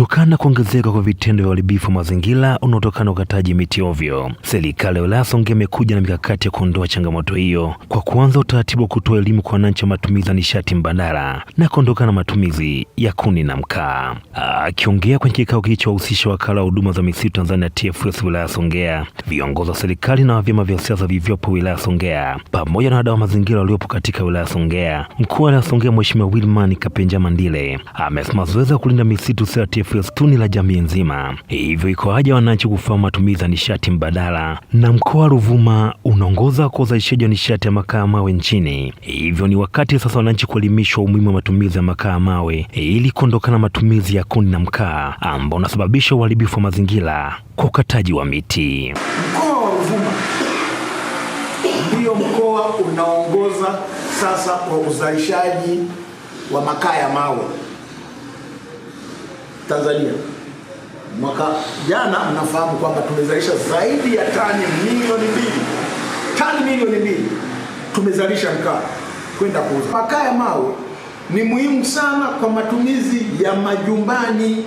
kutokana na kuongezeka kwa vitendo vya uharibifu wa mazingira unaotokana na ukataji miti ovyo. Serikali ya wilaya Songea imekuja na mikakati ya kuondoa changamoto hiyo kwa kuanza utaratibu wa kutoa elimu kwa wananchi wa matumizi ya nishati mbadala na kuondokana na matumizi ya kuni na mkaa. Akiongea kwenye kikao kilichowahusisha wakala wa huduma za misitu Tanzania TFS wilaya Songea, viongozi wa serikali na vyama vya siasa vilivyopo wilaya Songea pamoja na wadau wa mazingira waliopo katika wilaya Songea, mkuu wa wilaya Songea Mheshimiwa Wilman Kapenja Mandile amesema zoezi la kulinda misitu sera TFS maliasili la jamii nzima. Hivyo haja wananchi kufahamu matumizi ya nishati mbadala? Na mkoa wa Ruvuma unaongoza kwa uzalishaji wa nishati ya makaa mawe nchini, hivyo ni wakati sasa wananchi kuelimishwa umuhimu wa matumizi ya makaa mawe ili kuondokana matumizi ya kuni na mkaa ambao unasababisha uharibifu wa mazingira kwa ukataji wa miti. Mkoa wa Ruvuma ndiyo mkoa unaongoza sasa kwa uzalishaji wa makaa ya mawe. Tanzania mwaka jana, mnafahamu kwamba tumezalisha zaidi ya tani milioni mbili tani milioni mbili tumezalisha mkaa kwenda kuuza. Makaa ya mawe ni muhimu sana kwa matumizi ya majumbani,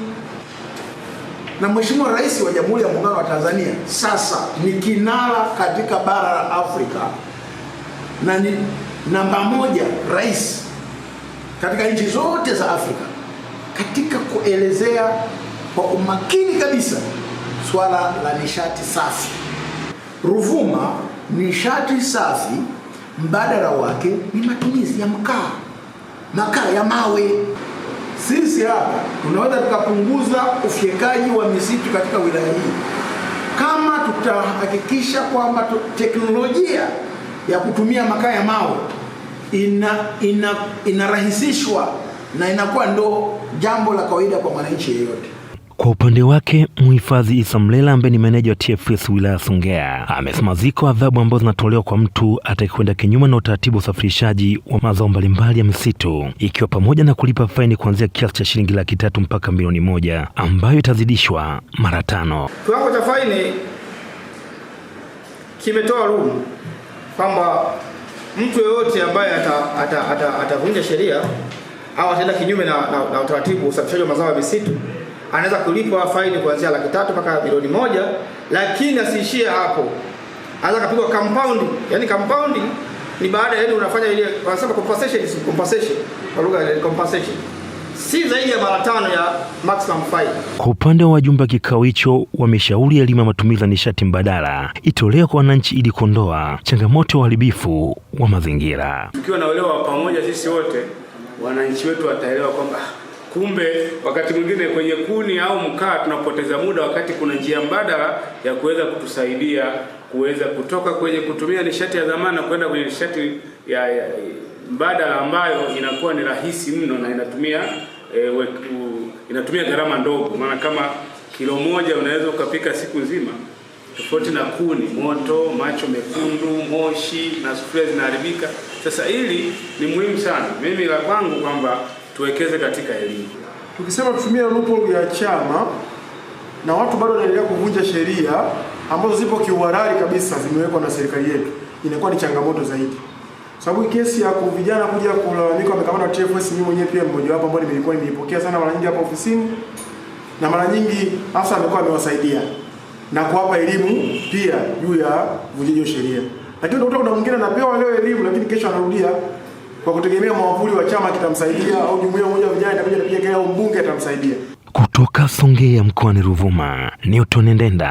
na Mheshimiwa Rais wa Jamhuri ya Muungano wa Tanzania sasa ni kinara katika bara la Afrika na ni namba moja rais katika nchi zote za Afrika katika kuelezea kwa umakini kabisa swala la nishati safi. Ruvuma, nishati safi mbadala wake ni matumizi ya mkaa, makaa ya mawe. Sisi hapa tunaweza tukapunguza ufyekaji wa misitu katika wilaya hii kama tutahakikisha kwamba teknolojia ya kutumia makaa ya mawe ina, ina, inarahisishwa na inakuwa ndo jambo la kawaida kwa mwananchi yeyote. Kwa upande wake mhifadhi Isa Mlela ambaye ni meneja wa TFS wilaya Songea amesema ziko adhabu ambazo zinatolewa kwa mtu atakwenda kinyume na utaratibu wa usafirishaji wa mazao mbalimbali ya misitu ikiwa pamoja na kulipa faini kuanzia kiasi cha shilingi laki tatu mpaka milioni moja ambayo itazidishwa mara tano. Kiwango cha faini kimetoa rumu kwamba mtu yeyote ambaye atavunja ata, ata, ata sheria au ataenda kinyume na, na, na utaratibu usafishaji wa mazao ya misitu anaweza kulipwa faini kuanzia laki tatu mpaka milioni moja, lakini asiishie hapo, anaweza kapigwa compound. Yani compound ni baada ya unafanya ile wanasema compensation is compensation kwa lugha ya compensation si zaidi ya mara tano ya maximum fine. Kwa upande wa wajumbe wa kikao hicho, wameshauri elimu ya matumizi ya nishati mbadala itolewe kwa wananchi ili kuondoa changamoto ya uharibifu wa mazingira. Tukiwa na uelewa pamoja sisi wote wananchi wetu wataelewa kwamba kumbe wakati mwingine kwenye kuni au mkaa tunapoteza muda, wakati kuna njia mbadala ya kuweza kutusaidia kuweza kutoka kwenye kutumia nishati ya zamani na kwenda kwenye nishati ya, ya mbadala ambayo inakuwa ni rahisi mno na inatumia e, u, inatumia gharama ndogo, maana kama kilo moja unaweza ukapika siku nzima tofauti na kuni, moto, macho mekundu, moshi na sufuria zinaharibika. Sasa hili ni muhimu sana, mimi la kwangu kwamba tuwekeze katika elimu. Tukisema tutumie loophole ya chama na watu bado wanaendelea kuvunja sheria ambazo zipo kiuhalali kabisa, zimewekwa na serikali yetu, inakuwa ni changamoto zaidi, sababu kesi ya vijana kuja kulalamika wamekamatwa TFS, mimi mwenyewe pia mmoja wapo ambao nimeikuwa nimeipokea sana mara nyingi hapa ofisini, na mara nyingi hasa amekuwa amewasaidia na kuwapa elimu pia juu ya uvunjaji wa sheria. Lakini utakuta kuna mwingine anapewa leo elimu, lakini kesho anarudia kwa kutegemea mwavuli wa chama kitamsaidia, au jumuiya moja vijana itakuja kupiga kelele, au mbunge atamsaidia. Kutoka Songea mkoani Ruvuma, Newton Ndenda.